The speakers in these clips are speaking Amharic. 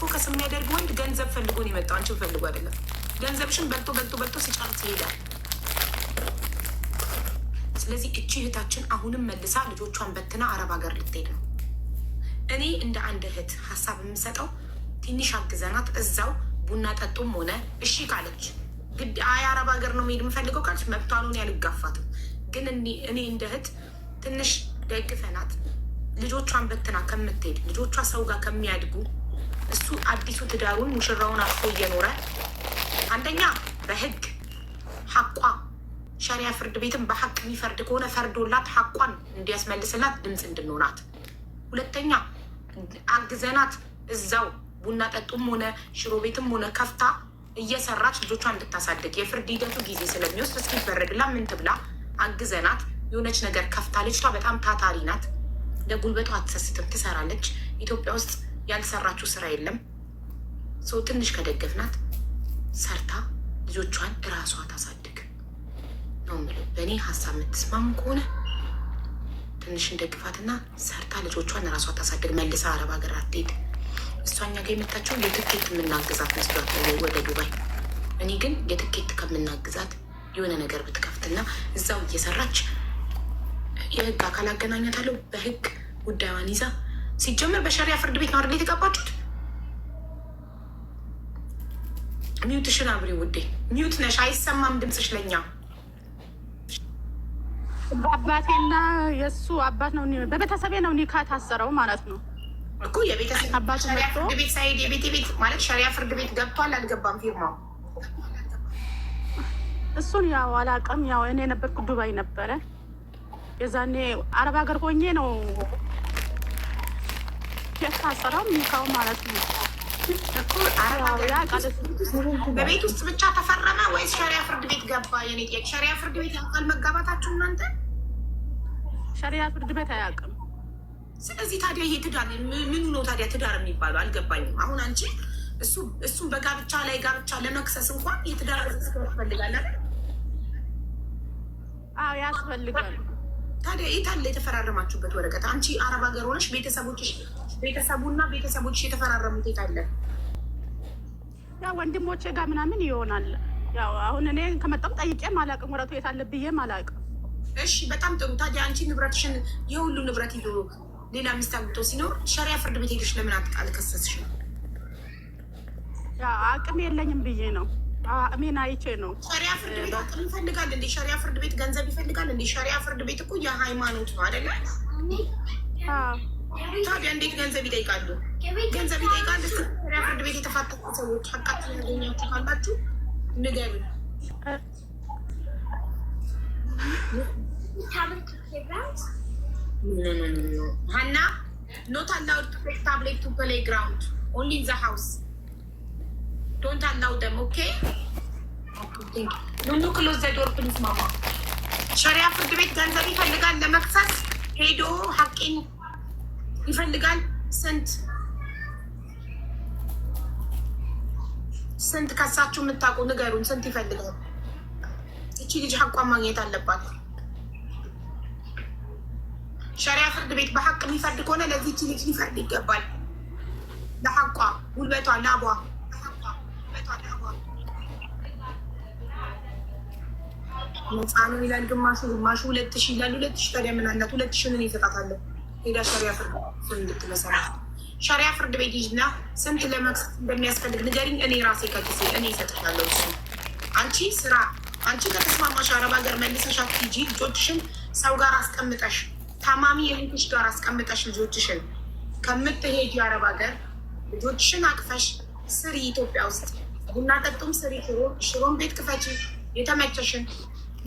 ፎከስ የሚያደርግ ወንድ ገንዘብ ፈልጎ ነው የመጣው፣ አንቺን ፈልጎ አይደለም። ገንዘብሽን በልቶ በልቶ በልቶ ሲጨርስ ይሄዳል። ስለዚህ እቺ እህታችን አሁንም መልሳ ልጆቿን በትና አረብ ሀገር ልትሄድ ነው። እኔ እንደ አንድ እህት ሀሳብ የምሰጠው ትንሽ አግዘናት፣ እዛው ቡና ጠጡም ሆነ እሺ ካለች ግድ አይ አረብ ሀገር ነው መሄድ የምፈልገው ካለች መብቷን ያልጋፋትም። ግን እኔ እንደ እህት ትንሽ ደግፈናት ልጆቿን በትና ከምትሄድ ልጆቿ ሰው ጋር ከሚያድጉ እሱ አዲሱ ትዳሩን ሙሽራውን አቅፎ እየኖረ አንደኛ በህግ ሐቋ ሸሪያ ፍርድ ቤትም በሀቅ የሚፈርድ ከሆነ ፈርዶላት ሐቋን እንዲያስመልስላት ድምፅ እንድንሆናት፣ ሁለተኛ አግዘናት እዛው ቡና ጠጡም ሆነ ሽሮ ቤትም ሆነ ከፍታ እየሰራች ልጆቿ እንድታሳድግ የፍርድ ሂደቱ ጊዜ ስለሚወስድ እስኪፈረድላ ምን ትብላ አግዘናት የሆነች ነገር ከፍታ ልጅቷ በጣም ታታሪ ናት። ለጉልበቷ አትሰስትም፣ ትሰራለች ኢትዮጵያ ውስጥ ያልሰራችው ስራ የለም። ሰው ትንሽ ከደገፍናት ሰርታ ልጆቿን እራሷ ታሳድግ ነው የምለው። በእኔ ሀሳብ የምትስማሙ ከሆነ ትንሽ እንደግፋትና ሰርታ ልጆቿን እራሷ ታሳድግ። መልሳ አረብ ሀገር አትሄድ። እሷኛ ጋ የመታቸው የትኬት የምናግዛት መስሏት ወደ ዱባይ። እኔ ግን የትኬት ከምናግዛት የሆነ ነገር ብትከፍትና እዛው እየሰራች የህግ አካል አገናኛታለሁ በህግ ጉዳዩን ይዛ ሲጀምር በሸሪያ ፍርድ ቤት ነው አይደል የተጋባችሁት? ሚዩትሽን አብሪ ውዴ፣ ሚዩት ነሽ፣ አይሰማም ድምፅሽ ለኛ። አባቴና የእሱ አባት ነው፣ በቤተሰቤ ነው ኒካ ታሰረው ማለት ነው እኮ የቤተሰብ ሸሪያ ፍርድ ቤት ሳይሄድ የቤቴ ቤት ማለት ሸሪያ ፍርድ ቤት ገብቷል አልገባም ፊርማው እሱን ያው አላውቅም። ያው እኔ ነበርኩ ዱባይ ነበረ የዛኔ አረብ ሀገር ሆኜ ነው የታሰረው ሚካው ማለት ነው በቤት ውስጥ ብቻ ተፈረመ ወይስ ሸሪያ ፍርድ ቤት ገባ? የኔ ጥያቄ ሸሪያ ፍርድ ቤት ያውቃል መጋባታችሁ እናንተ? ሸሪያ ፍርድ ቤት አያውቅም። ስለዚህ ታዲያ ይሄ ትዳር ምኑ ነው ታዲያ ትዳር የሚባለው አልገባኝም። አሁን አንቺ እሱ እሱም በጋብቻ ላይ ጋብቻ ለመክሰስ እንኳን የትዳር ያስፈልጋል አይደል? አዎ ያስፈልጋል። ታዲያ የታለ የተፈራረማችሁበት ወረቀት? አንቺ አረብ ሀገር ሆነሽ ቤተሰቦችሽ ቤተሰቡና ቤተሰቦች የተፈራረሙት የታለ? ያው ወንድሞቼ ጋር ምናምን ይሆናል። ያው አሁን እኔ ከመጣሁ ጠይቄም አላውቅም፣ ወረቱ የታለ ብዬም አላውቅም። እሺ፣ በጣም ጥሩ። ታዲያ አንቺ ንብረትሽን የሁሉ ንብረት ይዞ ሌላ ሚስት አግብቶ ሲኖር ሸሪያ ፍርድ ቤት ሄደሽ ለምን አጥቃል አልከሰስሽም? አቅም የለኝም ብዬ ነው። አቅሜን አይቼ ነው። ሸሪያ ፍርድ ቤት አቅም ይፈልጋል እንዴ? ሸሪያ ፍርድ ቤት ገንዘብ ይፈልጋል እንዴ? ሸሪያ ፍርድ ቤት እኮ የሃይማኖት ነው አደለ? ታዲያ እንዴት ገንዘብ ይጠይቃሉ? ገንዘብ ይጠይቃል። ፍርድ ቤት የተፋጠጡ ሰዎች አቃጥል ያገኛችሁ ካላችሁ ንገሩ። ሀና ኖት አላውድ ታብሌት ቱ ፕሌይ ግራውንድ ኦንሊ ኢን ዘ ሀውስ ዶንት አላው ደም ኦኬ ኑኑ ክሎዝ ዘ ዶር ፕሊዝ ሸሪያ ፍርድ ቤት ገንዘብ ይፈልጋል ለመክሰስ ሄዶ ሀቄን ይፈልጋል። ስንት ስንት ከሳችሁ የምታውቁ ንገሩን። ስንት ይፈልጋል? እቺ ልጅ ሀቋን ማግኘት አለባት። ሸሪያ ፍርድ ቤት በሀቅ የሚፈርድ ከሆነ ለዚህች ልጅ ሊፈርድ ይገባል። ለሀቋ ጉልበቷ፣ ላቧ ነፃ ነው ይላል ግማሹ፣ ግማሹ ሁለት ሺ ይላል። ሁለት ሺ ታዲያ ምን አላት? ሁለት ሺ ምን ይሰጣታለሁ ሄዳ ሸሪያ ፍርድ እንድትመሰረት ሸሪያ ፍርድ ቤት ሂጂና ስንት ለመክሰስ እንደሚያስፈልግ ንገሪኝ፣ እኔ ራሴ ከጊዜ እኔ እሰጥሻለሁ። እሱ አንቺ ስራ አንቺ ከተስማማሽ አረብ ሀገር መልሰሽ አትሂጂ። ልጆችሽን ሰው ጋር አስቀምጠሽ ታማሚ የልጆች ጋር አስቀምጠሽ ልጆችሽን ከምትሄጂ አረብ ሀገር ልጆችሽን አቅፈሽ ስሪ። ኢትዮጵያ ውስጥ ቡና ጠጡም ስሪ፣ ሽሮን ቤት ክፈች፣ የተመቸሽን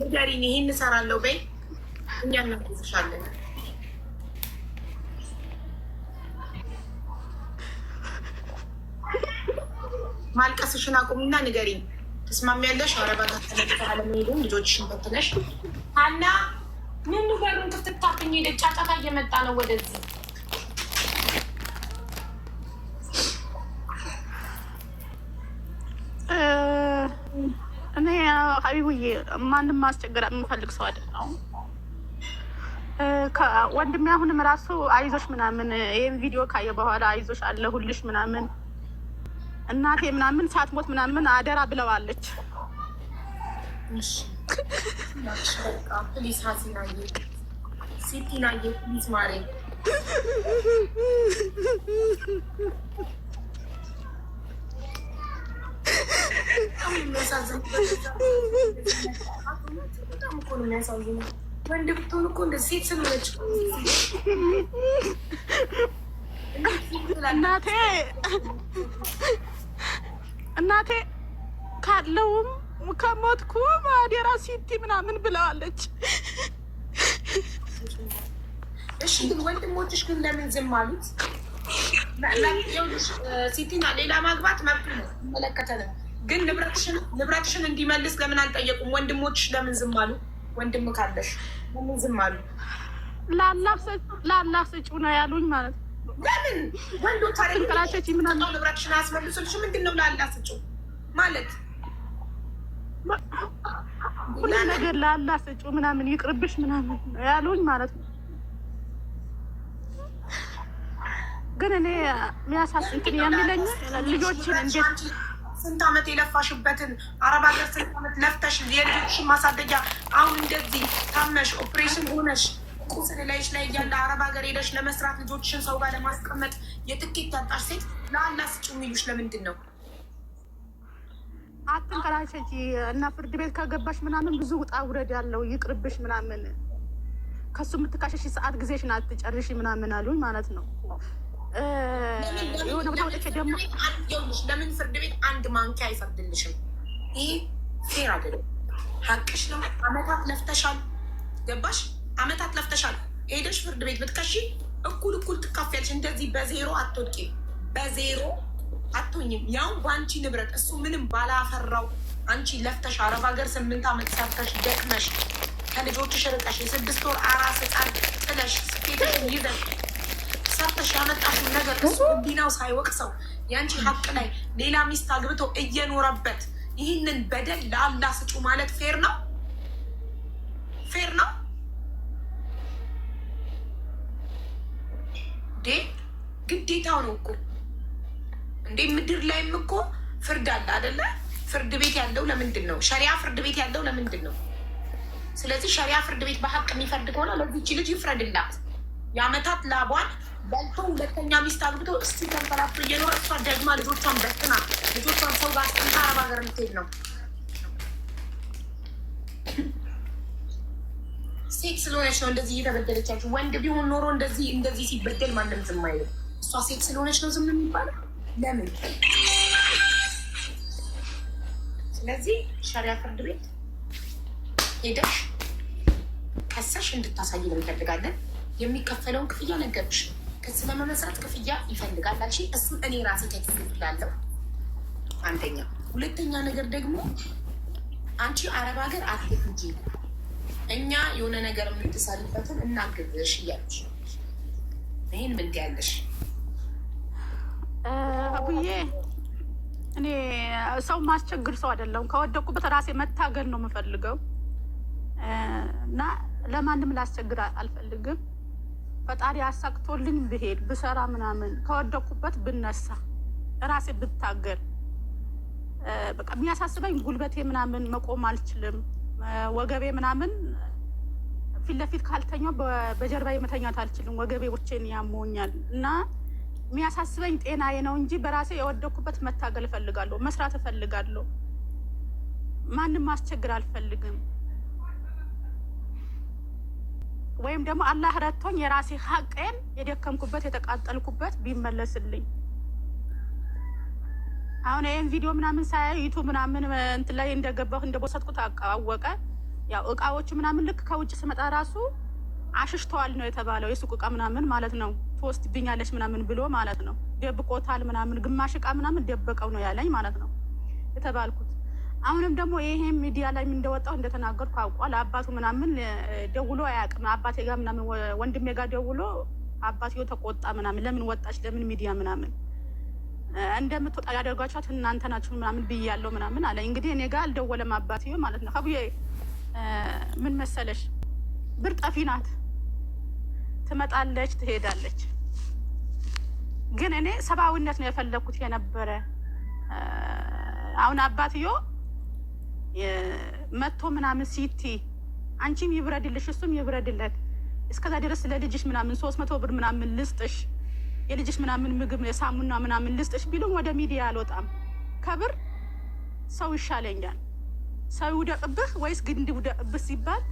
ንገሪኝ፣ ይህን እሰራለሁ በይ፣ እኛ እናግዝሻለን። ማልቀስሽን አቁሚና ንገሪኝ። ተስማሚ ትስማሚያለሽ? አረባ ለመሄዱ ልጆችሽን በትነሽ አና ምን በሩን ክፍትታፍኝ ሄደ። ጫጫታ እየመጣ ነው ወደዚህ እኔ ሀቢቡዬ ማንም ማስቸገር የምፈልግ ሰው አይደለው። ወንድሜ አሁንም ራሱ አይዞሽ ምናምን ይህን ቪዲዮ ካየ በኋላ አይዞሽ አለሁልሽ ምናምን እናቴ ምናምን ሳትሞት ምናምን አደራ ብለዋለች። ወንድ ብትሆን እኮ እንደ ሴት ስለሆነች እናቴ እናቴ ካለውም ከሞትኩ ማዴራ ሲቲ ምናምን ብለዋለች። እሺ ግን ወንድሞችሽ ግን ለምን ዝም አሉት? ሲቲና ሌላ ማግባት መብቱ ነው፣ ይመለከተናል። ግን ንብረትሽን እንዲመልስ ለምን አልጠየቁም? ወንድሞችሽ ለምን ዝም አሉ? ወንድም ካለሽ ለምን ዝም አሉ? ላላፍ ስጪው ነው ያሉኝ ማለት ነው። ለምን ወንዱ ታሪክ ጥላቸች ምናምን ንብረትሽን አስመልሱልሽ ምንድን ነው ላላ ማለት ሁሉ ነገር ላላ ምናምን ይቅርብሽ ምናምን ያሉኝ ማለት ነው። ግን እኔ የሚያሳስንትን የሚለኝ ልጆችን እንዴት ስንት ዓመት የለፋሽበትን አረብ ሀገር ስንት ዓመት ለፍተሽ የልጆችን ማሳደጊያ አሁን እንደዚህ ታመሽ ኦፕሬሽን ሆነሽ ቁስል ላይሽ ላይ እያለ አረብ ሀገር ሄደሽ ለመስራት ልጆችሽን ሰው ጋር ለማስቀመጥ የትኬት ያጣሽ ሴት ለአላህ ስጪው የሚሉሽ ለምንድን ነው? አትንከራሸጂ እና ፍርድ ቤት ከገባሽ ምናምን ብዙ ውጣ ውረድ ያለው ይቅርብሽ ምናምን ከሱ የምትካሸሽ ሰዓት ጊዜሽን አትጨርሽ ምናምን አሉኝ ማለት ነው። የሆነ ቦታ ወጥቼ ደግሞ ለምን ፍርድ ቤት አንድ ማንኪያ አይፈርድልሽም? ይህ ፌር አይደለም። ሀቅሽ ነው። አመታት ለፍተሻል። ገባሽ አመታት ለፍተሻል። ሄደሽ ፍርድ ቤት ብትከሺ እኩል እኩል ትካፊያለሽ። እንደዚህ በዜሮ አትወድቂ፣ በዜሮ አትሆኝም። ያው በአንቺ ንብረት እሱ ምንም ባላፈራው አንቺ ለፍተሽ አረብ ሀገር ስምንት አመት ሰርተሽ ደቅመሽ ከልጆችሽ ርቀሽ የስድስት ወር አራስ ህፃን ጥለሽ ስኬትሽ ይዘሽ ሰርተሽ ያመጣሽው ነገር እሱ ቢናው ሳይወቅሰው የአንቺ ሀቅ ላይ ሌላ ሚስት አግብቶ እየኖረበት ይህንን በደል ለአላህ ስጩ ማለት ፌር ነው? ፌር ነው? እንዴ ግዴታው ነው እኮ እንዴ ምድር ላይም እኮ ፍርድ አለ አደለ? ፍርድ ቤት ያለው ለምንድን ነው? ሸሪያ ፍርድ ቤት ያለው ለምንድን ነው? ስለዚህ ሸሪያ ፍርድ ቤት በሀቅ የሚፈርድ ከሆነ ለዚች ልጅ ይፍረድላት። የአመታት ላቧን በልቶ ሁለተኛ ሚስት አግብቶ እስቲ ተንፈላፍቶ እየኖረ እሷ ደግማ ልጆቿን በትና ልጆቿን ሰው ጋር ስንታ አረብ ሀገር የምትሄድ ነው። ሴት ስለሆነች ነው እንደዚህ እየተበደለቻችሁ። ወንድ ቢሆን ኖሮ እንደዚህ እንደዚህ ሲበደል ማንም ዝም አይልም። እሷ ሴት ስለሆነች ነው ዝም የሚባለው ለምን? ስለዚህ ሸሪያ ፍርድ ቤት ሄደሽ ከሰሽ እንድታሳይ ነው እንፈልጋለን። የሚከፈለውን ክፍያ ነገርሽ። ክስ ለመመስረት ክፍያ ይፈልጋል አልሽ። እሱን እኔ ራሴ ተክፍላለሁ። አንደኛ። ሁለተኛ ነገር ደግሞ አንቺ አረብ ሀገር አትሄጂ እኛ የሆነ ነገር የምትሰሪበትን እናግዝሽ እያለች ነው። ይህን ምን ያለሽ አቡዬ? እኔ ሰው ማስቸግር ሰው አይደለሁም። ከወደቁበት ራሴ መታገል ነው የምፈልገው እና ለማንም ላስቸግር አልፈልግም። ፈጣሪ አሳክቶልኝ ብሄድ ብሰራ ምናምን ከወደኩበት ብነሳ ራሴ ብታገል በቃ የሚያሳስበኝ ጉልበቴ ምናምን መቆም አልችልም። ወገቤ ምናምን ፊት ለፊት ካልተኛው በጀርባ መተኛት አልችልም። ወገቤ ውቼን ያሞኛል እና የሚያሳስበኝ ጤናዬ ነው እንጂ በራሴ የወደኩበት መታገል እፈልጋለሁ፣ መስራት እፈልጋለሁ። ማንም ማስቸግር አልፈልግም። ወይም ደግሞ አላህ ረድቶኝ የራሴ ሀቅን የደከምኩበት የተቃጠልኩበት ቢመለስልኝ አሁን ይህን ቪዲዮ ምናምን ሳያዩ ዩቱብ ምናምን እንትን ላይ እንደገባሁ እንደቦሰጥኩት አወቀ። ያው እቃዎቹ ምናምን ልክ ከውጭ ስመጣ ራሱ አሽሽተዋል ነው የተባለው። የሱቅ እቃ ምናምን ማለት ነው። ብኛለች ምናምን ብሎ ማለት ነው። ደብቆታል ምናምን፣ ግማሽ እቃ ምናምን ደበቀው ነው ያለኝ ማለት ነው የተባልኩት። አሁንም ደግሞ ይሄ ሚዲያ ላይ እንደወጣው እንደተናገርኩ አውቋል። አባቱ ምናምን ደውሎ አያውቅም። አባቴ ጋር ምናምን ወንድሜ ጋር ደውሎ አባትዮ ተቆጣ ምናምን፣ ለምን ወጣች፣ ለምን ሚዲያ ምናምን እንደምትወጣ ያደርጓቸዋት እናንተ ናችሁ ምናምን ያለው ምናምን አለ። እንግዲህ እኔ ጋር አልደወለም አባት ማለት ነው። ከቡዬ ምን መሰለሽ ብር ጠፊ ናት። ትመጣለች፣ ትሄዳለች። ግን እኔ ሰብአዊነት ነው የፈለግኩት የነበረ አሁን አባትዮ መቶ ምናምን ሲቲ አንቺም ይብረድልሽ እሱም ይብረድለት እስከዛ ድረስ ለልጅሽ ምናምን ሶስት መቶ ብር ምናምን ልስጥሽ የልጅሽ ምናምን ምግብ የሳሙና ምናምን ልስጥሽ ቢሉም ወደ ሚዲያ አልወጣም። ከብር ሰው ይሻለኛል። ሰው ይውደቅብህ ወይስ ግንድ ይውደቅብህ ሲባል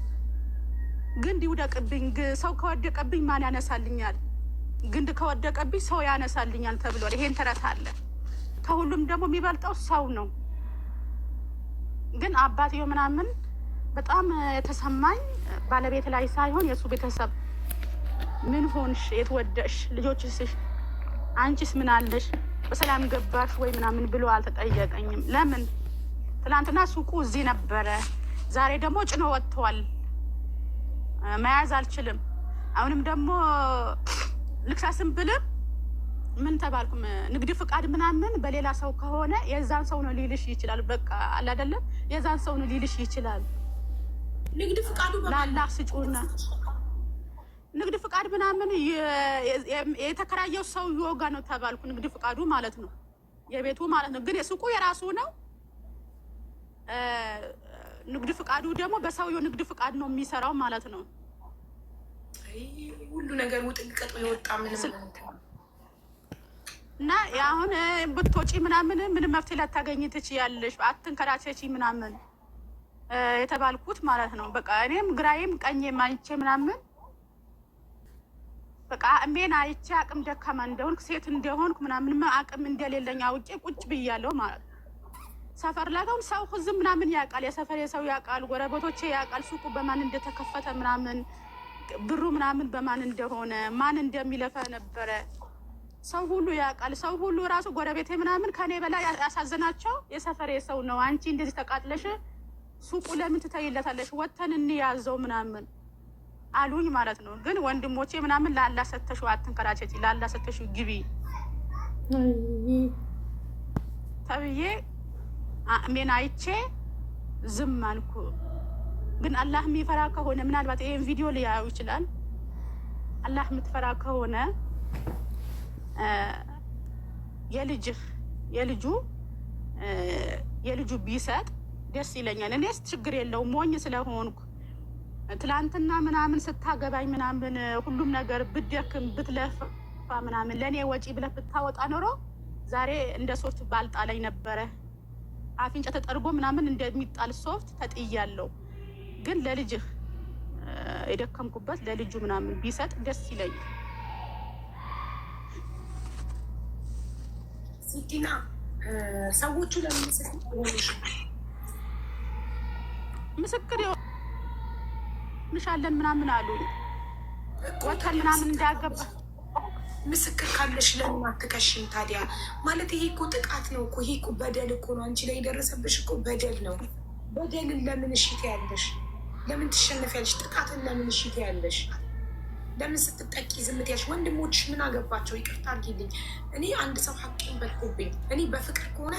ግንድ ይውደቅብኝ፣ ሰው ከወደቀብኝ ማን ያነሳልኛል? ግንድ ከወደቀብኝ ሰው ያነሳልኛል ተብሏል። ይሄን ተረት አለ። ከሁሉም ደግሞ የሚበልጠው ሰው ነው። ግን አባትዮ ምናምን በጣም የተሰማኝ ባለቤት ላይ ሳይሆን የእሱ ቤተሰብ ምን ሆንሽ? የት ልጆችሽ አንቺስ ምን አለሽ በሰላም ገባሽ ወይ ምናምን ብሎ አልተጠየቀኝም። ለምን ትናንትና ሱቁ እዚህ ነበረ፣ ዛሬ ደግሞ ጭኖ ወጥተዋል። መያዝ አልችልም። አሁንም ደግሞ ልክሳስን ብልም ምን ተባልኩም፣ ንግድ ፍቃድ ምናምን በሌላ ሰው ከሆነ የዛን ሰው ነው ሊልሽ ይችላል። በቃ አላደለም፣ የዛን ሰው ነው ሊልሽ ይችላል። ንግድ ፍቃዱ ላላ ስጩና ንግድ ፍቃድ ምናምን የተከራየው ሰው ይወጋ ነው ተባልኩ። ንግድ ፍቃዱ ማለት ነው የቤቱ ማለት ነው። ግን የሱቁ የራሱ ነው። ንግድ ፍቃዱ ደግሞ በሰውየው ንግድ ፍቃድ ነው የሚሰራው ማለት ነው። ሁሉ ነገር ውጥንቅጡ የወጣ እና አሁን ብትወጪ ምናምን ምንም መፍትሄ ላታገኝ ትችያለሽ፣ አትንከራቸች ምናምን የተባልኩት ማለት ነው። በቃ እኔም ግራዬም ቀኝ ማንቼ ምናምን በቃ እምቤን አይቼ አቅም ደካማ እንደሆንክ ሴት እንደሆንክ ምናምን አቅም እንደሌለኝ አውቄ ቁጭ ብያለሁ ማለት ሰፈር ላይ ሰው ህዝብ ምናምን ያውቃል፣ የሰፈር የሰው ያውቃል፣ ጎረቤቶቼ ያውቃል፣ ሱቁ በማን እንደተከፈተ ምናምን ብሩ ምናምን በማን እንደሆነ ማን እንደሚለፈ ነበረ ሰው ሁሉ ያውቃል። ሰው ሁሉ ራሱ ጎረቤቴ ምናምን ከኔ በላይ ያሳዘናቸው የሰፈሬ ሰው ነው። አንቺ እንደዚህ ተቃጥለሽ ሱቁ ለምን ትተይለታለሽ? ወተን እንያዘው ምናምን አሉኝ ማለት ነው። ግን ወንድሞቼ ምናምን ላላ ሰተሹ አትንከራቸች፣ ላላ ሰተሹ ግቢ ተብዬ ሜን አይቼ ዝም አልኩ። ግን አላህ የሚፈራ ከሆነ ምናልባት ይሄን ቪዲዮ ሊያዩ ይችላል። አላህ የምትፈራ ከሆነ የልጅህ የልጁ የልጁ ቢሰጥ ደስ ይለኛል። እኔስ ችግር የለውም ሞኝ ስለሆንኩ ትላንትና ምናምን ስታገባኝ ምናምን ሁሉም ነገር ብደክም ብትለፋ ምናምን ለእኔ ወጪ ብለህ ብታወጣ ኖሮ ዛሬ እንደ ሶፍት ባልጣለኝ ነበረ። አፍንጫ ተጠርጎ ምናምን እንደሚጣል ሶፍት ተጥያለው። ግን ለልጅህ የደከምኩበት ለልጁ ምናምን ቢሰጥ ደስ ይለኛል። ሲዲና ሰዎቹ ለምን ምስክር እንሻለን ምናምን አሉ ወተን ምናምን እንዳያገባ ምስክር ካለሽ ለምን አትከሽም ታዲያ? ማለት ይሄ እኮ ጥቃት ነው እኮ ይሄ እኮ በደል እኮ ነው። አንቺ ላይ የደረሰብሽ እኮ በደል ነው። በደልን ለምን እሺ ያለሽ? ለምን ትሸነፍ ያለሽ? ጥቃትን ለምን እሺ ያለሽ? ለምን ስትጠቂ ዝምት ትያለሽ? ወንድሞች ምን አገባቸው? ይቅርታ አድርጊልኝ። እኔ አንድ ሰው ሐቄን በልኩብኝ። እኔ በፍቅር ከሆነ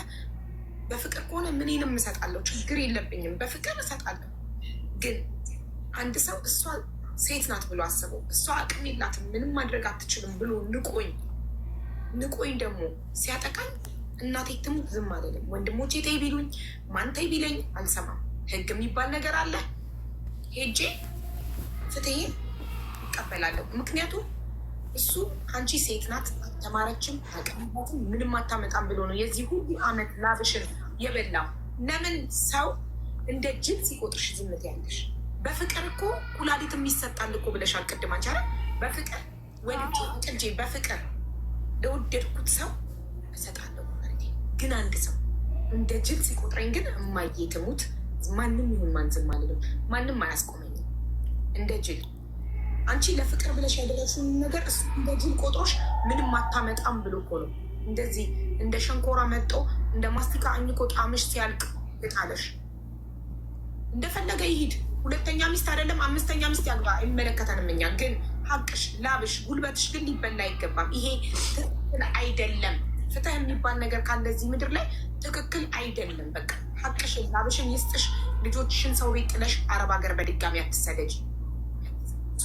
በፍቅር ከሆነ ምኔንም እሰጣለሁ፣ ችግር የለብኝም። በፍቅር እሰጣለሁ ግን አንድ ሰው እሷ ሴት ናት ብሎ አሰበው፣ እሷ አቅም የላትም ምንም ማድረግ አትችልም ብሎ ንቆኝ ንቆኝ ደግሞ ሲያጠቃኝ እናቴ ትሙት ዝም አልልም። ወንድሞቼ ተይ ቢሉኝ ማን ተይ ቢለኝ አልሰማም። ህግ የሚባል ነገር አለ። ሄጄ ፍትሄን እቀበላለሁ። ምክንያቱም እሱ አንቺ ሴት ናት ተማረችም አቅምባትም ምንም አታመጣም ብሎ ነው የዚህ ሁሉ አመት ላብሽን የበላው። ለምን ሰው እንደ ጅል ሲቆጥርሽ ዝምት ያለሽ በፍቅር እኮ ኩላሊት ይሰጣል እኮ ብለሻል ቅድም አንቺ አይደል? በፍቅር ወይ እንጂ በፍቅር ለወደድኩት ሰው እሰጣለሁ። ግን አንድ ሰው እንደ ጅል ሲቆጥረኝ ግን እማዬ ትሙት ማንም ይሁን ማን ዝም አልልም። ማንም አያስቆመኝም እንደ ጅል። አንቺ ለፍቅር ብለሽ ያደረግሽው ነገር እሱ እንደ ጅል ቆጥሮሽ ምንም አታመጣም ብሎ እኮ ነው እንደዚህ እንደ ሸንኮራ መጦ እንደ ማስቲካ አኝኮ ጣምሽ ሲያልቅ እጣለሽ። እንደፈለገ ይሂድ ሁለተኛ ሚስት አይደለም አምስተኛ ሚስት ያግባ፣ አይመለከተንም። እኛ ግን ሀቅሽ፣ ላብሽ፣ ጉልበትሽ ግን ሊበላ አይገባም። ይሄ ትክክል አይደለም። ፍትህ የሚባል ነገር ካለዚህ ምድር ላይ ትክክል አይደለም። በቃ ሀቅሽን፣ ላብሽን ይስጥሽ። ልጆችሽን ሰው ቤት ጥለሽ አረብ ሀገር በድጋሚ አትሰደጅ።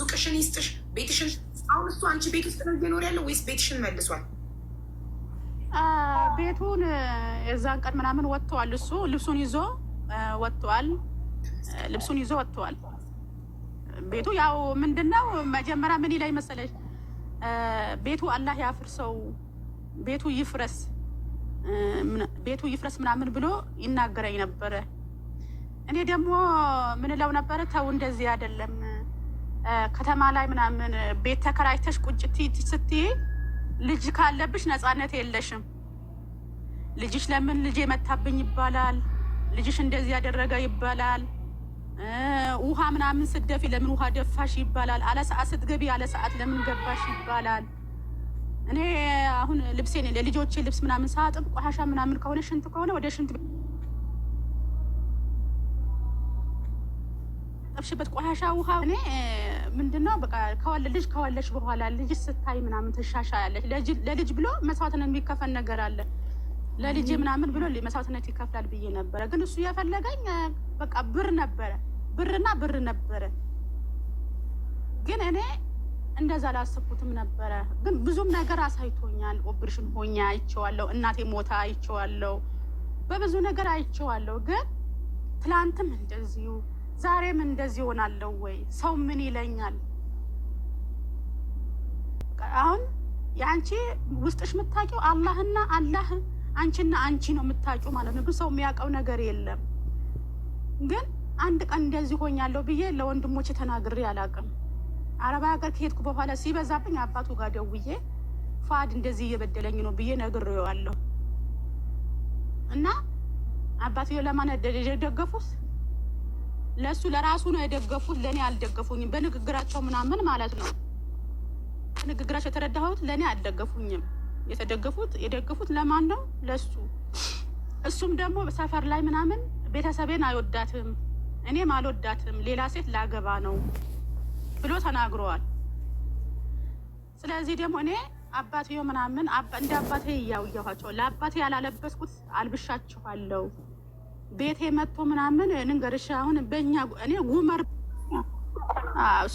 ሱቅሽን ይስጥሽ፣ ቤትሽን። አሁን እሱ አንቺ ቤት ውስጥ ነው እየኖር ያለው ወይስ ቤትሽን መልሷል? ቤቱን የዛን ቀን ምናምን ወጥተዋል። እሱ ልብሱን ይዞ ወጥተዋል። ልብሱን ይዞ ወጥተዋል። ቤቱ ያው ምንድን ነው መጀመሪያ ምን ላይ መሰለሽ ቤቱ አላህ ያፍርሰው ቤቱ ይፍረስ ቤቱ ይፍረስ ምናምን ብሎ ይናገረኝ ነበረ። እኔ ደግሞ ምንለው ነበረ ተው እንደዚህ አይደለም ከተማ ላይ ምናምን ቤት ተከራይተሽ ቁጭት ስትይ ልጅ ካለብሽ ነፃነት የለሽም። ልጅሽ ለምን ልጄ መታብኝ ይባላል ልጅሽ እንደዚህ ያደረገ ይባላል። ውሃ ምናምን ስደፊ ለምን ውሃ ደፋሽ ይባላል። አለ ሰዓት ስትገቢ አለ ሰዓት ለምን ገባሽ ይባላል። እኔ አሁን ልብሴን ለልጆቼ ልብስ ምናምን ሳጥብ ቆሻሻ ምናምን ከሆነ ሽንት ከሆነ ወደ ሽንት ጠብሽበት ቆሻሻ ውሃ እኔ ምንድነው በቃ ከዋለ ልጅ ከዋለሽ በኋላ ልጅ ስታይ ምናምን ትሻሻ ያለች ለልጅ ብሎ መስዋዕትን የሚከፈል ነገር አለ። ለልጄ ምናምን ብሎ መስዋዕትነት ይከፍላል ብዬ ነበረ። ግን እሱ የፈለገኝ በቃ ብር ነበረ፣ ብርና ብር ነበረ። ግን እኔ እንደዛ ላስብኩትም ነበረ። ግን ብዙም ነገር አሳይቶኛል። ኦፕሬሽን ሆኛ አይቼዋለሁ። እናቴ ሞታ አይቼዋለሁ። በብዙ ነገር አይቼዋለሁ። ግን ትላንትም እንደዚሁ ዛሬም እንደዚህ ሆናለሁ ወይ ሰው ምን ይለኛል? አሁን የአንቺ ውስጥሽ የምታውቂው አላህና አላህ አንቺና አንቺ ነው የምታጩ ማለት ነው። ሰው የሚያውቀው ነገር የለም። ግን አንድ ቀን እንደዚህ ሆኛለሁ ብዬ ለወንድሞች ተናግሬ አላውቅም። አረባ ሀገር ከሄድኩ በኋላ ሲበዛብኝ አባቱ ጋር ደውዬ ፋድ እንደዚህ እየበደለኝ ነው ብዬ ነግሬዋለሁ። እና አባትዮ ለማን የደገፉት? ለእሱ ለራሱ ነው የደገፉት፣ ለእኔ አልደገፉኝም። በንግግራቸው ምናምን ማለት ነው። ንግግራቸው የተረዳሁት ለእኔ አልደገፉኝም። የተደገፉት የደገፉት ለማን ነው? ለሱ። እሱም ደግሞ ሰፈር ላይ ምናምን ቤተሰቤን አይወዳትም እኔም አልወዳትም ሌላ ሴት ላገባ ነው ብሎ ተናግረዋል። ስለዚህ ደግሞ እኔ አባቴ ምናምን እንደ አባቴ እያውያኋቸው ለአባቴ ያላለበስኩት አልብሻችኋለሁ ቤቴ መጥቶ ምናምን ንንገርሻ አሁን በእኛ እኔ ጉመር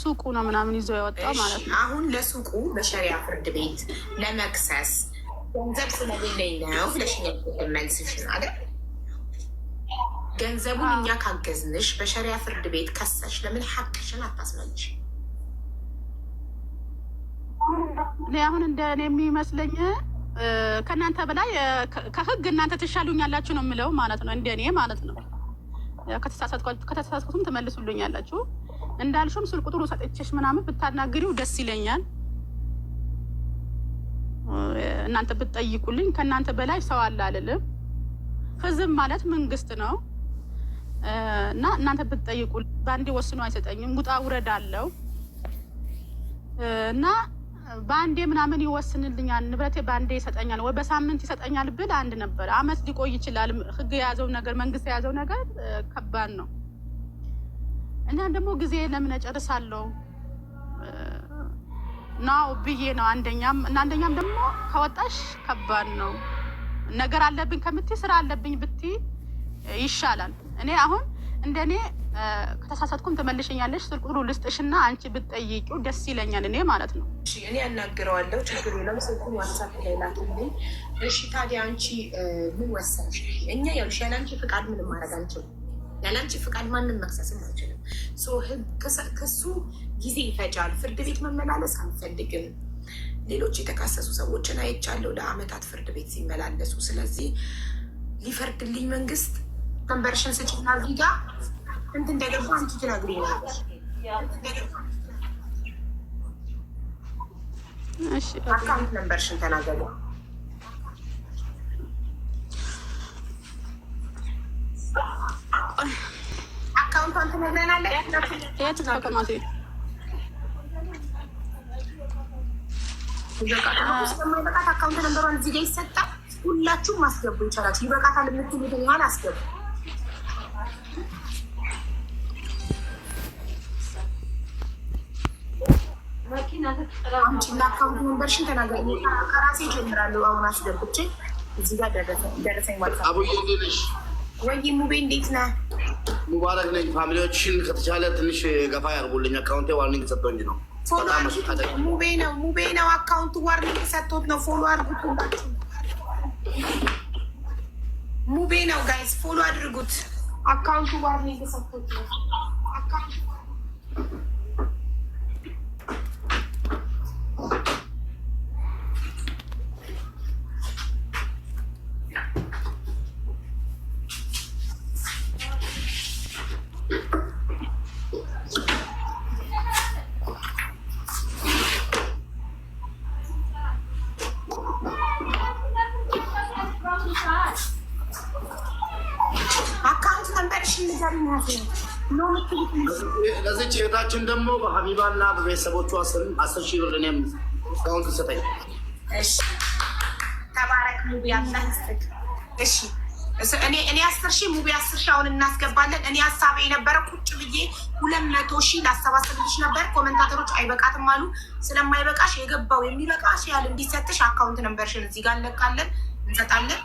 ሱቁ ነው ምናምን ይዞ የወጣው ማለት ነው። አሁን ለሱቁ በሸሪያ ፍርድ ቤት ለመክሰስ ገንዘብ ስለሌለኝ ነው ብለሽኛል። መልስሽ አይደል? ገንዘቡን እኛ ካገዝንሽ በሸሪያ ፍርድ ቤት ከሰሽ ለምን ሀቅሽን አታስመልሽ? አሁን እንደ እኔ የሚመስለኝ ከእናንተ በላይ ከህግ እናንተ ትሻሉኛላችሁ ነው የምለው ማለት ነው። እንደ እኔ ማለት ነው። ከተሳሳትኩትም ትመልሱልኛላችሁ እንዳልሽም ስልክ ቁጥሩ ሰጥቼሽ ምናምን ብታናግሪው ደስ ይለኛል። እናንተ ብትጠይቁልኝ ከእናንተ በላይ ሰው አለ አልልም። ህዝብ ማለት መንግስት ነው እና እናንተ ብትጠይቁ በአንዴ ወስኖ አይሰጠኝም። ውጣ ውረድ አለው እና በአንዴ ምናምን ይወስንልኛል፣ ንብረቴ በአንዴ ይሰጠኛል ወይ በሳምንት ይሰጠኛል ብል አንድ ነበር። አመት ሊቆይ ይችላል። ህግ የያዘው ነገር መንግስት የያዘው ነገር ከባድ ነው። እኔም ደግሞ ጊዜ ለምን እጨርሳለሁ ናው ብዬ ነው። አንደኛም እና አንደኛም ደግሞ ከወጣሽ ከባድ ነው ነገር አለብኝ ከምትይ ስራ አለብኝ ብትይ ይሻላል። እኔ አሁን እንደ እኔ ከተሳሳትኩም ትመልሸኛለሽ፣ ስልቁሩ ልስጥሽና አንቺ ብትጠይቂው ደስ ይለኛል። እኔ ማለት ነው እኔ ያናግረዋለሁ፣ ችግሩ የለም። ስልኩን ዋትሳፕ ላይ ላክልኝ። እሺ ታዲያ አንቺ ምን ወሰንሽ? እኛ ያው ያለ አንቺ ፍቃድ ምንም ማድረግ አንችልም። ያላንቺ ፍቃድ ማንም መክሰስም አይችልም። ክሱ ጊዜ ይፈጃል። ፍርድ ቤት መመላለስ አንፈልግም። ሌሎች የተካሰሱ ሰዎችን አይቻለሁ ለአመታት ፍርድ ቤት ሲመላለሱ። ስለዚህ ሊፈርድልኝ መንግስት ከንበርሽን ስጭና ዚጋ እንት እንደገባ አንቺ ትነግሪኛለሽ። አካውንት ነንበርሽን ተናገሩ። አካውንቷን ትነግረናለህ። የት አካውንት ነበሯን እዚህ ጋር ይሰጣል። ሁላችሁም ማስገቡ ይቻላል። ይበቃታል የምትሉትን ያህል አስገቡ። አንቺና አካውንት መንበርሽን ተናገሪ። ከራሴ እጀምራለሁ። አሁን አስገብቼ እዚህ ጋር ደረሰኝ ማለት ነው። ወይ ሙቤ እንዴት ነህ? ሙባረክ ነኝ። ፋሚሊዎችን ከተቻለ ትንሽ ገፋ ያርጉልኝ። አካውንቴ ዋርኒንግ ሰጥቶኝ ነው። ሙቤ ነው ሙቤ ነው አካውንቱ ዋርኒንግ ሰጥቶት ነው። ፎሎ አድርጉት ሁላችሁ። ሙቤ ነው ጋይስ፣ ፎሎ አድርጉት። አካውንቱ ዋርኒንግ ሰጥቶት ነው። እህታችን ደግሞ በሀቢባና በቤተሰቦቿ ስም አስር ሺህ ብር እኔም እስካሁን ትሰጠኝ። ተባረክ ሙቢ እሺ እኔ እኔ አስር ሺህ ሙቢ አስር ሺህ አሁን እናስገባለን። እኔ ሀሳቤ የነበረ ቁጭ ብዬ ሁለት መቶ ሺህ ላሰባሰብልሽ ነበር። ኮመንታተሮች አይበቃትም አሉ። ስለማይበቃሽ የገባው የሚበቃሽ ያህል እንዲሰጥሽ አካውንት ነምበርሽን እዚህ ጋር እንለቃለን፣ እንሰጣለን።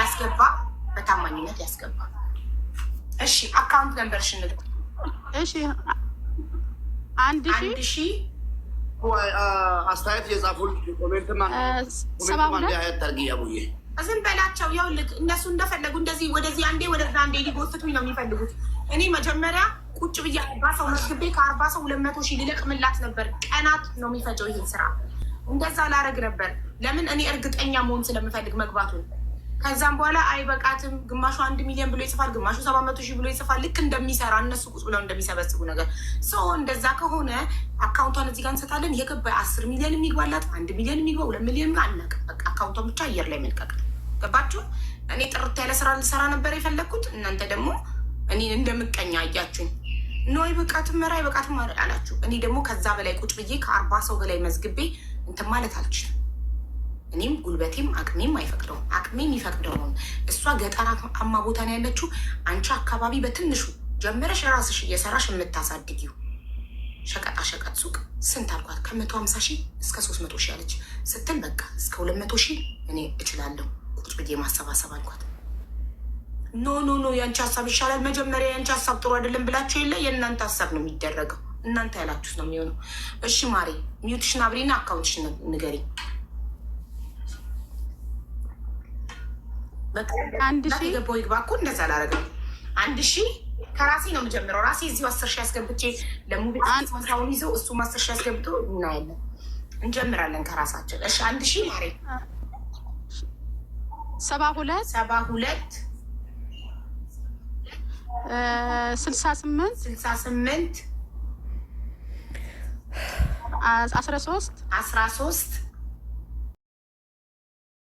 ያስገባ በታማኝነት ያስገባ። እሺ አካውንት ነምበርሽን እሺ አንድ ሺ አስተያየት የጻፉ ዝም በላቸው። ይኸውልህ እነሱ እንደፈለጉ እንደዚህ ወደዚህ አንዴ ወደዛ አንዴ ሊጎትቱኝ ነው የሚፈልጉት። እኔ መጀመሪያ ቁጭ ብዬ አርባ ሰው መዝግቤ ከአርባ ሰው ሁለት መቶ ሺህ ልለቅምላት ነበር። ቀናት ነው የሚፈጀው ይህን ስራ። እንደዛ ላረግ ነበር። ለምን እኔ እርግጠኛ መሆን ስለምፈልግ መግባቱን ከዛም በኋላ አይበቃትም፣ ግማሹ አንድ ሚሊዮን ብሎ ይጽፋል፣ ግማሹ ሰባት መቶ ሺህ ብሎ ይጽፋል። ልክ እንደሚሰራ እነሱ ቁጭ ብለው እንደሚሰበስቡ ነገር ሰው እንደዛ ከሆነ አካውንቷን እዚህ ጋር እንሰጣለን። የገባ አስር ሚሊዮን የሚግባላት አንድ ሚሊዮን የሚግባ ሁለት ሚሊዮን አናውቅ። በቃ አካውንቷን ብቻ አየር ላይ መልቀቅ ገባችሁ? እኔ ጥርት ያለ ስራ ልሰራ ነበር የፈለግኩት። እናንተ ደግሞ እኔ እንደምቀኛ አያችሁኝ። ኖ አይበቃትም፣ ኧረ አይበቃትም አላችሁ። እኔ ደግሞ ከዛ በላይ ቁጭ ብዬ ከአርባ ሰው በላይ መዝግቤ እንትን ማለት አልችልም። እኔም ጉልበቴም አቅሜም አይፈቅደውም። አቅሜ የሚፈቅደውን እሷ ገጠራማ ቦታ ነው ያለችው። አንቺ አካባቢ በትንሹ ጀመረሽ ራስሽ እየሰራሽ የምታሳድጊው ሸቀጣ ሸቀጥ ሱቅ ስንት አልኳት። ከመቶ ሀምሳ ሺህ እስከ ሶስት መቶ ሺህ አለች ስትል በቃ እስከ ሁለት መቶ ሺህ እኔ እችላለሁ ቁጭ ብዬ ማሰባሰብ አልኳት። ኖ ኖ ኖ የአንቺ ሀሳብ ይሻላል። መጀመሪያ የአንቺ ሀሳብ ጥሩ አይደለም ብላችሁ የለ የእናንተ ሀሳብ ነው የሚደረገው። እናንተ ያላችሁት ነው የሚሆነው። እሺ ማሬ ሚዩትሽን አብሬና አካውንትሽን ንገሪ አንድ ሺ ገባው ይግባ እኮ እንደዛ አላደረግም። አንድ ሺ ከራሴ ነው የምጀምረው። ራሴ እዚሁ አስር ሺ ያስገብቼ ለሙቤሳሁን ይዘው እሱም አስር ሺ ያስገብቶ እናያለን፣ እንጀምራለን ከራሳችን። እሺ አንድ ሺ ማሬ ሰባ ሁለት ሰባ ሁለት ስልሳ ስምንት ስልሳ ስምንት አስራ ሶስት አስራ ሶስት